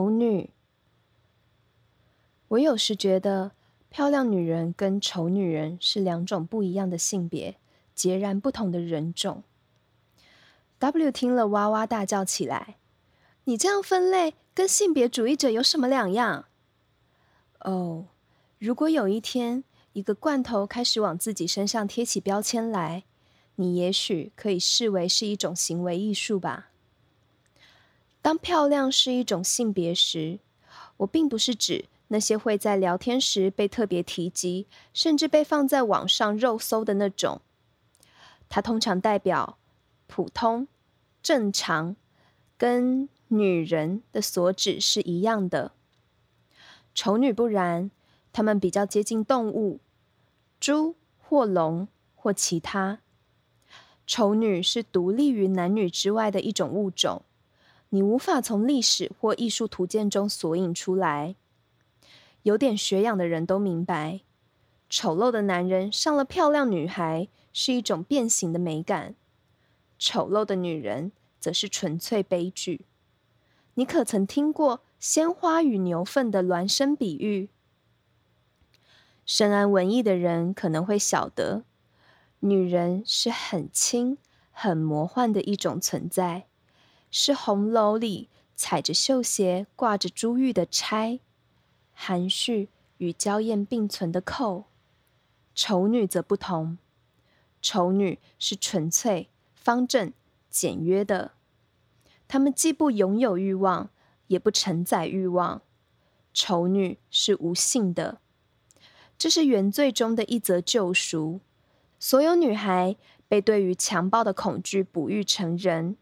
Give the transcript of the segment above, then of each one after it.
醜女，我有時覺得漂亮女人跟醜女人是兩種不一樣的性別，截然不同的人種。W 聽了哇哇大叫起來：“你這樣分類跟性別主義者有什麼兩樣？”哦，如果有一天一個罐頭開始往自己身上貼起標籤來，你也許可以視為是一種行為藝術吧。當漂亮是一種性別時，我並不是指那些會在聊天時被特別提及，甚至被放在網上肉搜的那種。它通常代表普通、正常，跟女人的所指是一樣的。醜女不然，她們比較接近動物，豬或龍或其他。醜女是獨立於男女之外的一種物種。你無法從歷史或藝術圖鑑中索引出來。有點學養的人都明白，醜陋的男人上了漂亮女孩是一種變形的美感；醜陋的女人則是純粹悲劇。你可曾聽過“鮮花與牛糞”的孿生比喻？深諳文藝的人可能會曉得，女人是很輕、很魔幻的一種存在。是紅樓裡踩着繡鞋、掛着珠玉的釵，含蓄與嬌艷並存的扣；醜女則不同，醜女是純粹、方正、簡約的。她們既不擁有欲望，也不承載欲望。醜女是無性的，這是原罪中的一則救贖。所有女孩被對於強暴的恐懼哺育成人。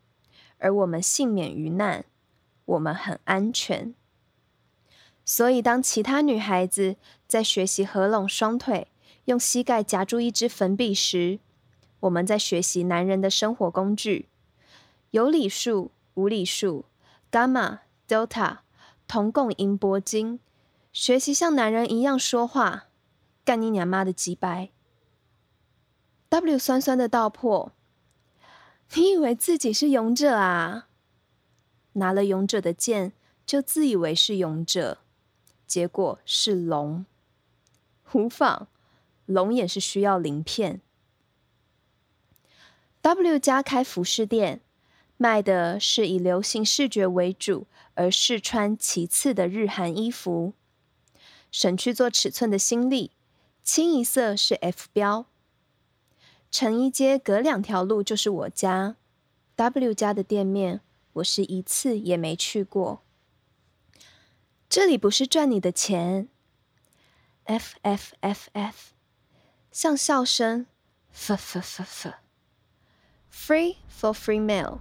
而我們幸免於難，我們很安全。所以，當其他女孩子在學習合攏雙腿，用膝蓋夾住一支粉筆時，我們在學習男人的生活工具：有理數、無理數，伽馬、德爾塔，銅共、銀、鉑金，學習像男人一樣說話，幹你娘媽的雞掰。W 酸酸的道破。你以為自己是勇者啊？拿了勇者的劍，就自以為是勇者，結果是龍。無妨，龍也是需要鱗片。W 家開服飾店，賣的是以流行視覺為主，而試穿其次的日韓衣服，省去做尺寸的心力，清一色是 F 標。成一街隔兩條路就是我家，W 家的店面我是一次也沒去過。這裡不是賺你的錢，fff，像笑聲，fff，free for free mail。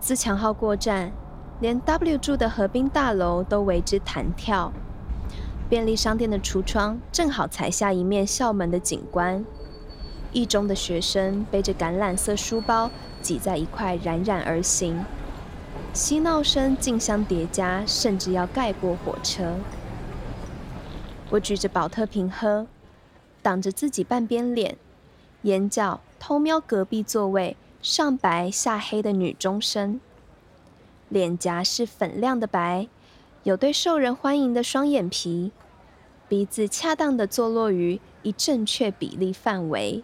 自強號過站，連 W 住的河濱大樓都為之彈跳。便利商店的櫥窗正好裁下一面校門的景觀。一中的學生背着橄欖色書包，擠在一塊冉冉而行，嬉鬧聲競相疊加，甚至要蓋過火車。我舉着寶特瓶喝，擋着自己半邊臉，眼角偷瞄隔壁座位上白下黑的女中生，臉頰是粉亮的白，有對受人歡迎的雙眼皮，鼻子恰當地坐落於一正確比例範圍。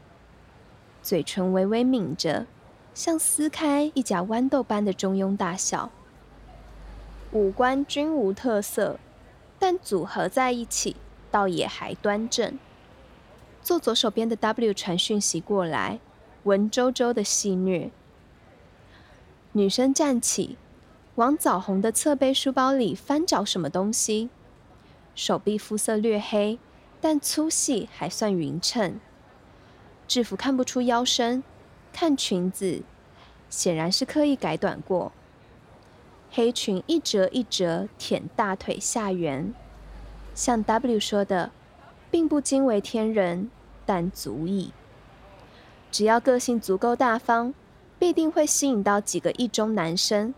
嘴唇微微抿着，像撕開一莢豌豆般的中庸大小。五官均無特色，但組合在一起倒也還端正。坐左手邊的 W 傳訊息過來，文縐縐的戲謔。女生站起，往棗紅的側背書包裡翻找什麼東西。手臂膚色略黑，但粗細還算勻稱。制服看不出腰身，看裙子，顯然是刻意改短過。黑裙一折一折，舔大腿下緣，像 W 說的，並不驚為天人，但足矣。只要個性足夠大方，必定會吸引到幾個意中男生，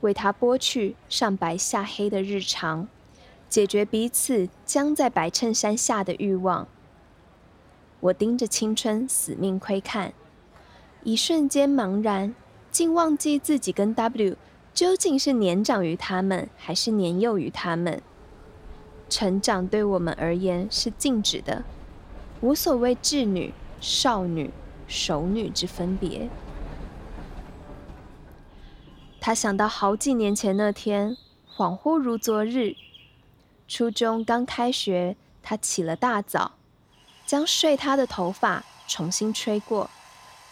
為他剝去上白下黑的日常，解決彼此僵在白襯衫下的慾望。我盯着青春，死命窺看，一瞬間茫然，竟忘記自己跟 W 究竟是年長於他們，還是年幼於他們。成長對我們而言是靜止的，無所謂稚女、少女、熟女之分別。他想到好幾年前那天，恍惚如昨日。初中剛開學，他起了大早。將睡塌的頭髮重新吹過，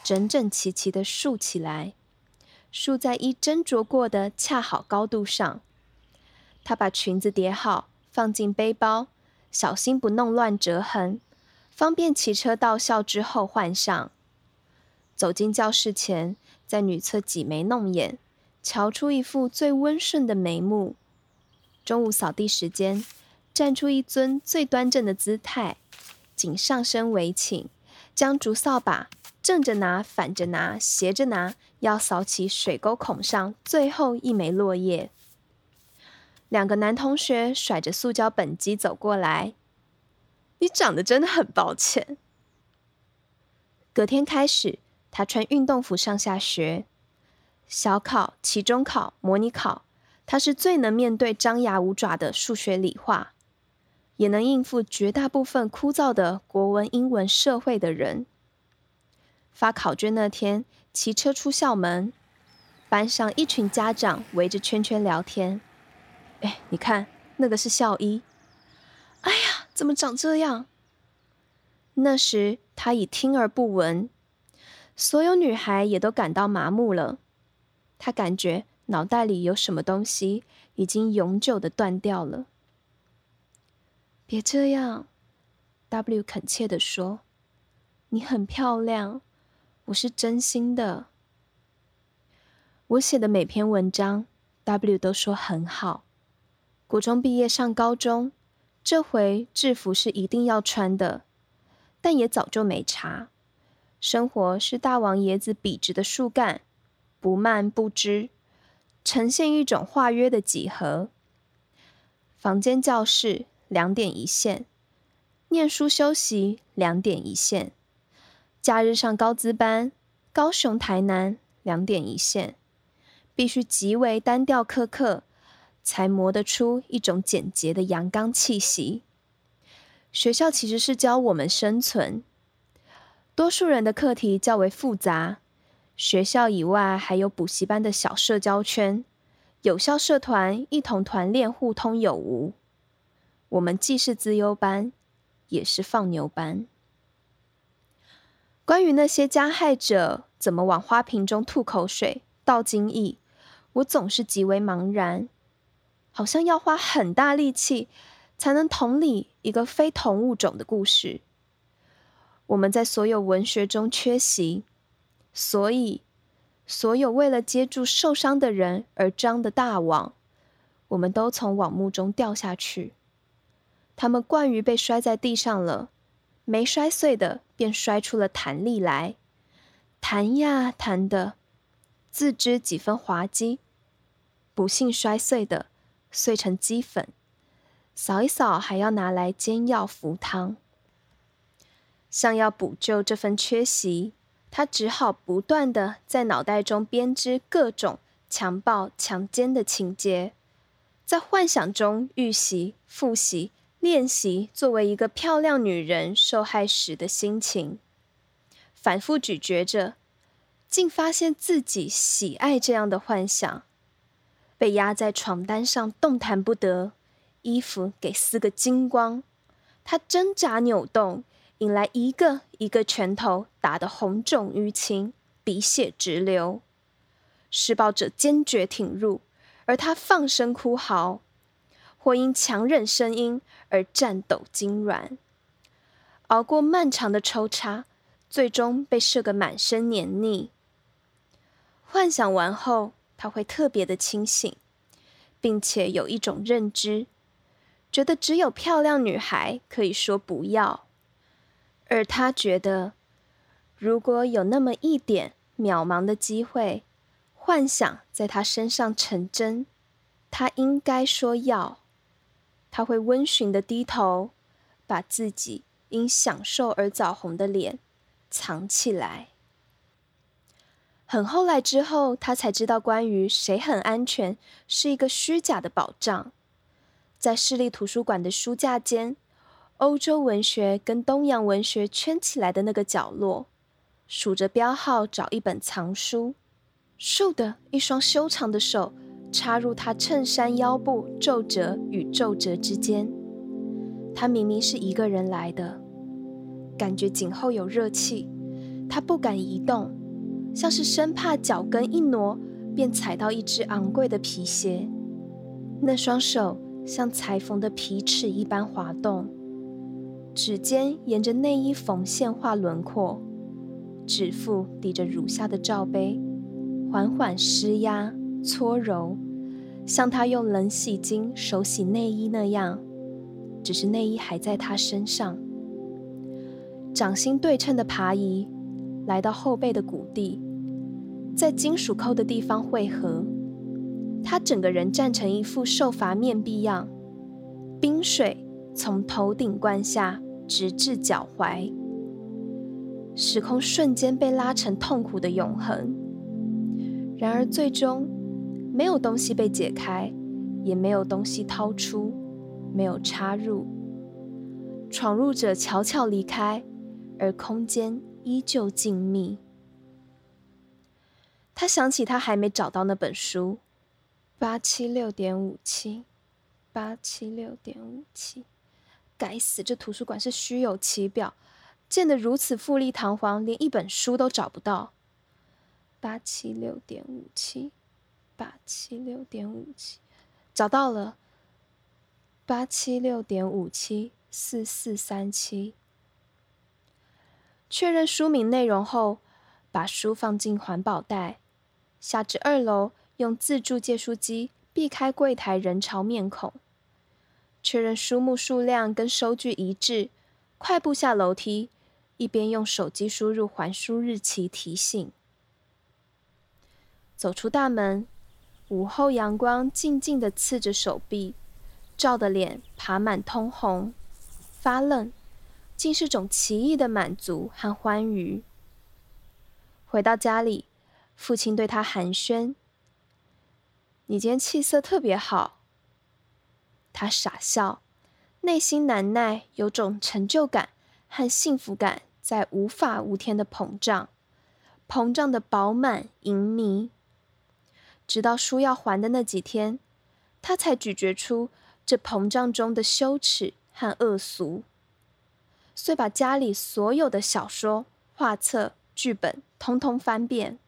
整整齊齊的豎起來，豎在一斟酌過的恰好高度上。她把裙子疊好，放進背包，小心不弄亂折痕，方便騎車到校之後換上。走進教室前，在女廁擠眉弄眼，瞧出一副最溫順的眉目。中午掃地時間，站出一尊最端正的姿態。僅上身圍裙，將竹掃把正着拿，反着拿，斜着拿，要掃起水溝孔上最後一枚落葉。兩個男同學甩着塑膠畚箕走過來，你長得真的很抱歉。隔天開始，他穿運動服上下學，小考、期中考、模擬考，他是最能面對張牙舞爪的數學、理化，也能應付絕大部分枯燥的國文、英文社會的人。發考卷那天，騎車出校門，班上一群家長圍着圈圈聊天。哎，你看那個是校醫。哎呀，怎麼長這樣？那時他已聽而不聞，所有女孩也都感到麻木了。他感覺腦袋裡有什麼東西已經永久的斷掉了。別這樣，W 懇切地說：“你很漂亮，我是真心的。我寫的每篇文章，W 都說很好。國中畢業上高中，這回制服是一定要穿的，但也早就沒差。生活是大王椰子筆直的樹幹，不蔓不枝，呈現一種化約的幾何。房間、教室。”兩點一線，唸書休息；兩點一線，假日上高資班。高雄、台南，兩點一線，必須極為單調苛刻，才磨得出一種簡潔的陽剛氣息。學校其實是教我們生存。多數人的課題較為複雜，學校以外還有補習班的小社交圈，有效社團一同團練互通有無。我們既是資優班，也是放牛班。關於那些加害者怎麼往花瓶中吐口水、倒精液，我總是極為茫然，好像要花很大力氣才能同理一個非同物種的故事。我們在所有文學中缺席，所以所有為了接住受傷的人而張的大網，我們都從網目中掉下去。他們慣於被摔在地上了，沒摔碎的便摔出了彈力來，彈呀彈的，自知幾分滑稽。不幸摔碎的，碎成齏粉，掃一掃還要拿來煎藥服湯。想要補救這份缺席，他只好不斷的在腦袋中編織各種強暴、強姦的情節，在幻想中預習、複習。練習作為一個漂亮女人受害時的心情，反覆咀嚼着，竟發現自己喜愛這樣的幻想。被壓在床單上動彈不得，衣服給撕個精光。她掙扎扭動，引來一個一個拳頭打得紅腫淤青，鼻血直流。施暴者堅決挺入，而她放聲哭嚎。或因強忍聲音而顫抖驚軟，熬過漫長的抽插，最終被射個滿身黏膩。幻想完後，他會特別的清醒，並且有一種認知，覺得只有漂亮女孩可以說不要。而他覺得，如果有那麼一點渺茫的機會，幻想在他身上成真，他應該說要。他會溫馴的低頭，把自己因享受而棗紅的臉藏起來。很後來之後，他才知道關於誰很安全是一個虛假的保障。在市立圖書館的書架間，歐洲文學跟東洋文學圈起來的那個角落，數着標號找一本藏書，瘦的一雙修長的手。插入他襯衫腰部皺褶與皺褶之間，他明明是一個人來的，感覺頸後有熱氣，他不敢移動，像是生怕腳跟一挪，便踩到一隻昂貴的皮鞋。那雙手像裁縫的皮尺一般滑動，指尖沿着內衣縫線畫輪廓，指腹抵着乳下的罩杯，緩緩施壓。搓揉，像他用冷洗精手洗內衣那樣，只是內衣還在他身上。掌心對稱的爬移，來到後背的谷地，在金屬扣的地方匯合。他整個人站成一副受罰面壁樣，冰水從頭頂灌下，直至腳踝。時空瞬間被拉成痛苦的永恆。然而最終。沒有東西被解開，也沒有東西掏出，沒有插入。闖入者悄悄離開，而空間依舊靜謐。他想起他還沒找到那本書。八七六點五七，八七六點五七。該死，這圖書館是虛有其表，建得如此富麗堂皇，連一本書都找不到。八七六點五七。八七六點五七，找到了。八七六點五七四四三七。確認書名內容後，把書放進環保袋，下至二樓，用自助借書機避開櫃台人潮面孔。確認書目數量跟收據一致，快步下樓梯，一邊用手機輸入還書日期提醒。走出大門。午後陽光靜靜地刺着手臂，照得臉爬滿通紅，發愣，竟是種奇異的滿足和歡愉。回到家裡，父親對他寒暄：“你今天氣色特別好。”他傻笑，內心難耐，有種成就感和幸福感在無法無天的膨脹，膨脹得飽滿盈彌。直到書要還的那幾天，他才咀嚼出這膨脹中的羞恥和惡俗。遂把家裡所有的小說、畫冊、劇本通通翻遍，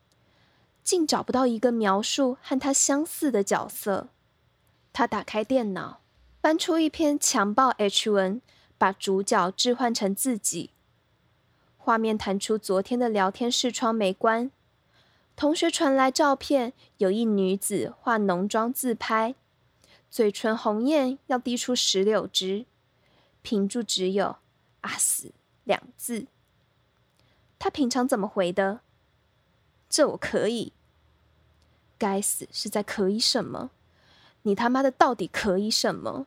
竟找不到一個描述和他相似的角色。他打開電腦，翻出一篇強暴 H 文，把主角置換成自己。畫面彈出昨天的聊天視窗沒關。同學傳來照片，有一女子化濃妝自拍，嘴唇紅豔，要滴出石榴汁。評注只有“啊死”兩字。她平常怎麼回的？這我可以。該死，是在可以什麼？你他媽的到底可以什麼？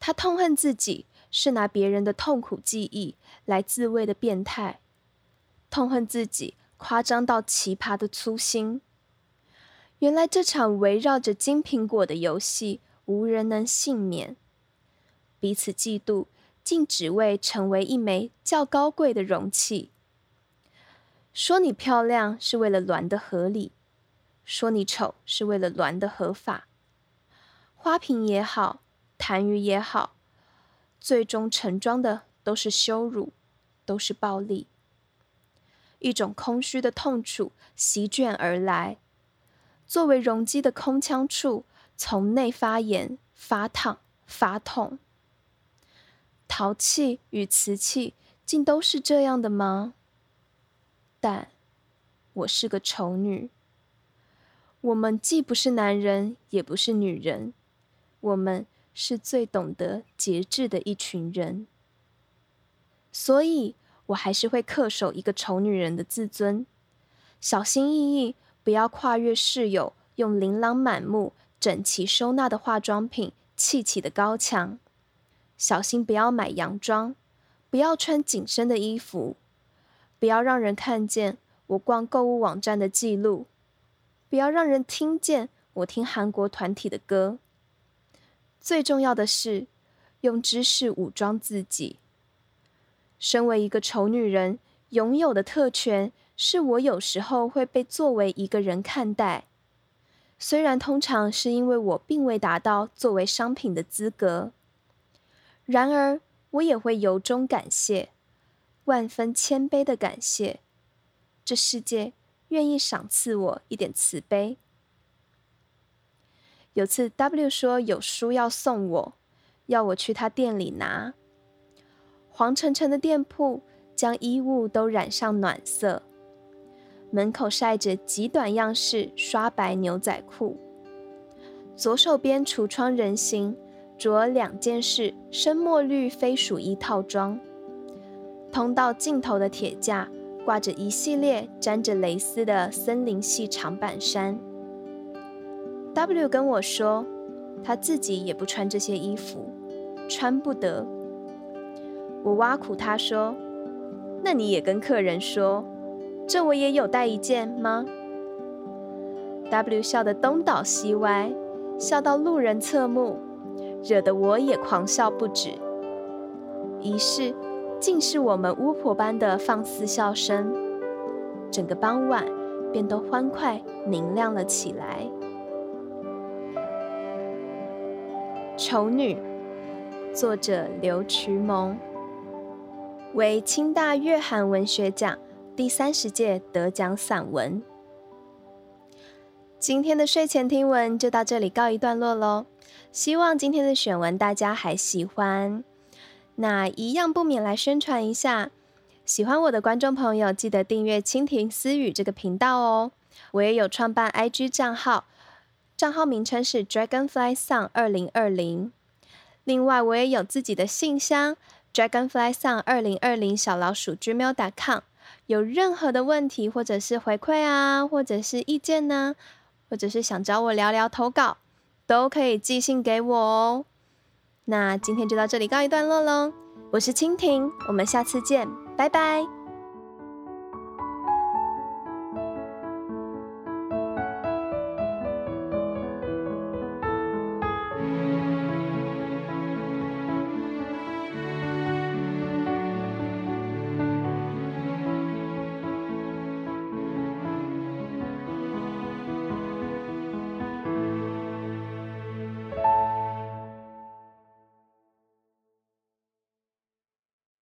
她痛恨自己是拿別人的痛苦記憶來自慰的變態，痛恨自己。誇張到奇葩的粗心，原來這場圍繞着金蘋果的遊戲，無人能幸免。彼此嫉妒，竟只為成為一枚較高貴的容器。說你漂亮是為了卵的合理，說你醜是為了卵的合法。花瓶也好，痰盂也好，最終盛裝的都是羞辱，都是暴力。一種空虛的痛楚席捲而來，作為容積的空腔處，從內發炎、發燙、發痛。陶器與瓷器竟都是這樣的嗎？但，我是個醜女。我們既不是男人，也不是女人，我們是最懂得節制的一群人，所以。我還是會恪守一個醜女人的自尊，小心翼翼，不要跨越室友用琳琅滿目、整齊收納的化妝品砌起的高牆。小心不要買洋裝，不要穿緊身的衣服，不要讓人看見我逛購物網站的記錄，不要讓人聽見我聽韓國團體的歌。最重要的是，用知識武裝自己。身為一個醜女人，擁有的特權是我有時候會被作為一個人看待，雖然通常是因為我並未達到作為商品的資格，然而我也會由衷感謝，萬分謙卑的感謝，這世界願意賞賜我一點慈悲。有次 W 說有書要送我，要我去他店裡拿。黃澄澄的店鋪將衣物都染上暖色，門口曬着極短樣式刷白牛仔褲。左手邊櫥窗人形着兩件式深墨綠飛鼠衣套裝。通道盡頭的鐵架掛着一系列沾着蕾絲的森林系長版衫。W 跟我說，他自己也不穿這些衣服，穿不得。我挖苦他說：“那你也跟客人說，這我也有帶一件嗎？”W 笑得東倒西歪，笑到路人側目，惹得我也狂笑不止。於是，竟是我們巫婆般的放肆笑聲，整個傍晚變得歡快明亮了起來。醜女，作者劉璩萌。為清大月涵文學獎第三十屆得獎散文。今天的睡前聽文就到這裡告一段落嘍，希望今天的選文大家還喜歡。那一樣不免來宣傳一下，喜歡我的觀眾朋友記得訂閱蜻蜓私語這個頻道哦。我也有創辦 IG 賬號賬號名稱是 Dragonfly Song 二零二零。另外，我也有自己的信箱。Dragonfly Song 二零二零小老鼠 Gmail dot com 有任何的問題，或者是回饋啊，或者是意見呢、啊，或者是想找我聊聊投稿，都可以寄信給我哦。那今天就到這裡告一段落嘍，我是蜻蜓，我們下次見，拜拜。